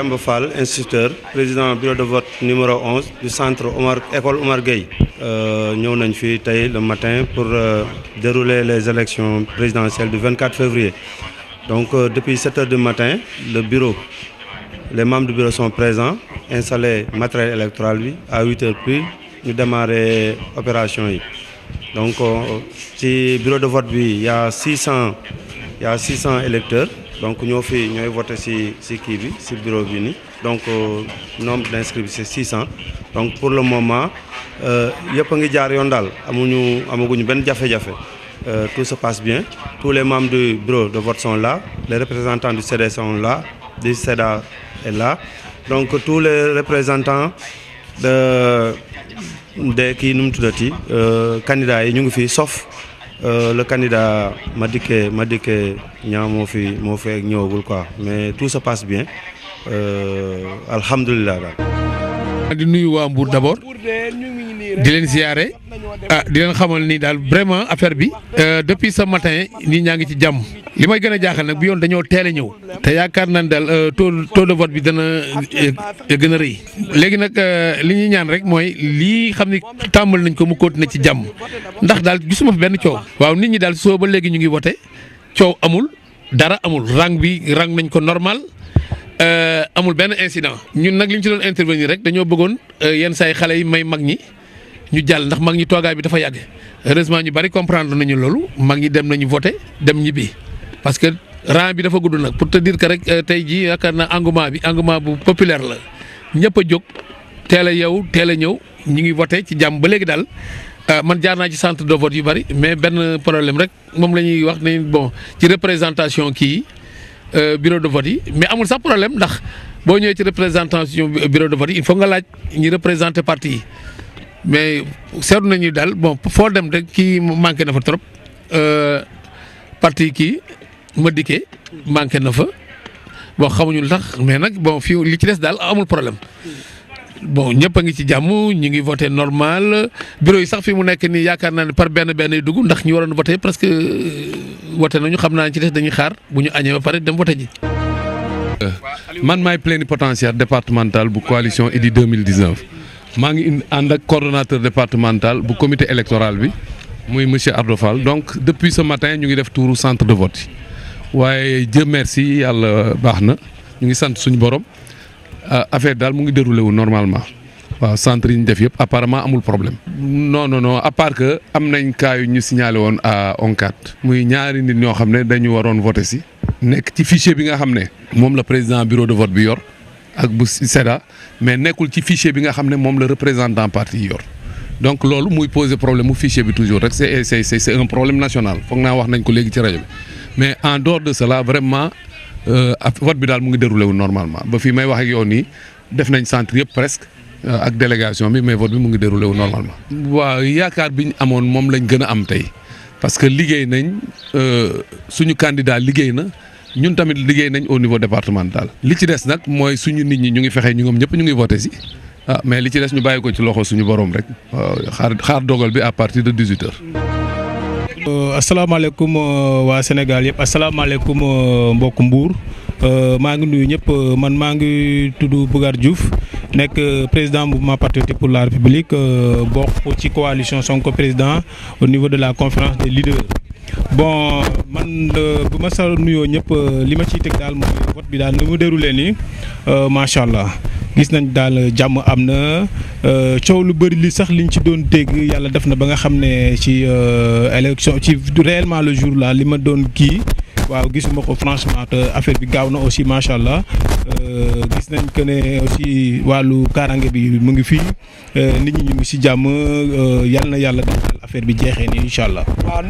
Jean Fall instituteur président bureau de vote numéro 11 du centre Omar école Omar Gueye Nous euh, nañ fi le matin pour euh, dérouler les élections présidentielles du 24 février donc euh, depuis 7 h du matin le bureau les membres du bureau sont présents installés matériel électoral lui, à 8 h plus, nous démarrer l'opération. donc si bureau de vote il y a 600 il y a 600 électeurs donc nous avons voté sur si bureau bi ni donc euh, nombre d'inscrits c'est 600 donc pour le moment euh, y a un jaar euh, tout se passe bien tous les membres du bureau de vote sont là les représentants du CD sont là le CEDA est là donc tous les représentants de de nous candidats et nous sauf euh, le candidat m'a dit que m'a dit que mon fi mon fait quoi mais tout se passe bien euh, alhamdulillah di nuyu wa Mbour d'abord di leen ziare ah di leen xamal ni daal vraiment affaire bi euh, depuis sa matin nii ñaa ngi ci jàmm li may gën a jaaxal nag bu yoon dañoo teel a ñëw te yaakaar naa ne daal euh, taux taux de vote bi dana euh, gën a rëy léegi nag li ñuy ñaan rek mooy lii xam ni tàmbal nañ ko mu continuer ci jàmm ndax daal gisuma fi benn coow waaw nit ñi daal soo ba léegi ñu ngi wote coow amul dara amul rang bi rang nañ ko normal. amul benn incident ñun nag li ñu ci doon intervenir rek dañoo bëggoon yenn saay xale yi may mag ñi ñu jàll ndax mag ñi toogaay bi dafa yàgg heureusement ñu bari comprendre nañu loolu mag ñi dem nañu voté dem ñibbi parce que rang bi dafa gudd nag pour te dire que rek euh, tey jii yaakaar naa engouement bi engouement bu populaire la ñëpp a jóg teel a yow teel a ñëw ñu ngi voté ci jàmm ba léegi daal euh, man jaar naa ci centre de vote yu bari mais benn problème rek moom la ñuy wax ne bon ci représentation kii euh, bureau de vote yi mais amul sax problème ndax boo ñëwee ci représentation bureau de vote yi faut nga laaj ñi représenté parti yi. mais seetlu nañu daal bon foo dem de kii manqué na fa trop euh, parti kii ma dikkee manqué na fa bon xamuñu lu tax mais nag bon fii li ci des daal amul problème. bon ñëpp a ngi ci jàmm ñu ngi voté normal bureau yi sax fi mu nekk nii yaakaar naa ne par benn benn yu dugg ndax ñu waroon que presque euh, na ñu xam naa ci des dañuy xaar bu ñu añee ba pare dem voté ji. Euh, man maay plénipotentiaire départemental bu coalition Idy 2019. maa ngi indi ànd ak coordonnateur départemental bu comité électoral bi muy monsieur Ardo Fall donc depuis ce matin ñu ngi def tuuru centre de vote yi waaye Dieu merci yàlla baax na ñu ngi sant suñu borom euh, affaire daal mu ngi déroulé wu normalement waaw centre yi ñu def yëpp apparemment amul problème. non no non à part que am nañ cas yu ñu signalé woon à muy ñaari nit ñoo xam ne dañu waroon voté si. nekk ci fichier bi nga xam ne moom la président bureau de vote bi yor. ak bu SEDA mais nekkul ci fichier bi nga xam ne moom la représentant parti yor donc loolu muy poser problème mu fichier bi toujours rek c'est c'est c'est un problème national foog naa wax nañ ko léegi ci rajo bi mais en dehors de cela vraiment euh, vote bi daal mu ngi déroulé wu normalement ba fi may wax ak yow nii def nañ centre yëpp presque euh, ak délégation bi mais vote bi mu ngi déroulé wu normalement. waaw yaakaar bi ñu amoon moom lañ gën a am tey parce que liggéey nañ euh, suñu candidat liggéey na. ñun tamit liggéey nañ au niveau départemental li ci des nak moy suñu nit ñi ñu ngi fexé ñu ngoom ñëpp ñu ngi voter ci ah mais li ci des ñu bayiko ci loxo suñu borom rek. xaar xaar dogal bi à partir de 18 heures. Euh, asalaamaaleykum euh, wa Sénégal yëpp asalaamaaleykum euh, mbokk Mbour maa ngi nuyu ñëpp man maa ngi tudd Bougar Diouf nekk président mouvement patriotique pour la République bokk ci coalition Sonko président au niveau de la conférence des leaders. bon man bu ma sa nuyoo ñëpp li ma ciy teg daal mooy vote bi daal ni mu déroulé nii euh, macha allah gis nañ daal jàmm am na euh, coow lu bëri li sax liñ ci doon dégg yàlla def na ba nga xam ne ci euh, élection ci du réellement le jour là li ma doon kii waaw gisuma ko franchement te affaire bi gaaw na aussi macha allah gis nañ que ne aussi wàllu kaaraange bi mu ngi fii nit ñi ñu ngi si jàmm yal na yàlla daal affaire bi jeexee ni incha allah.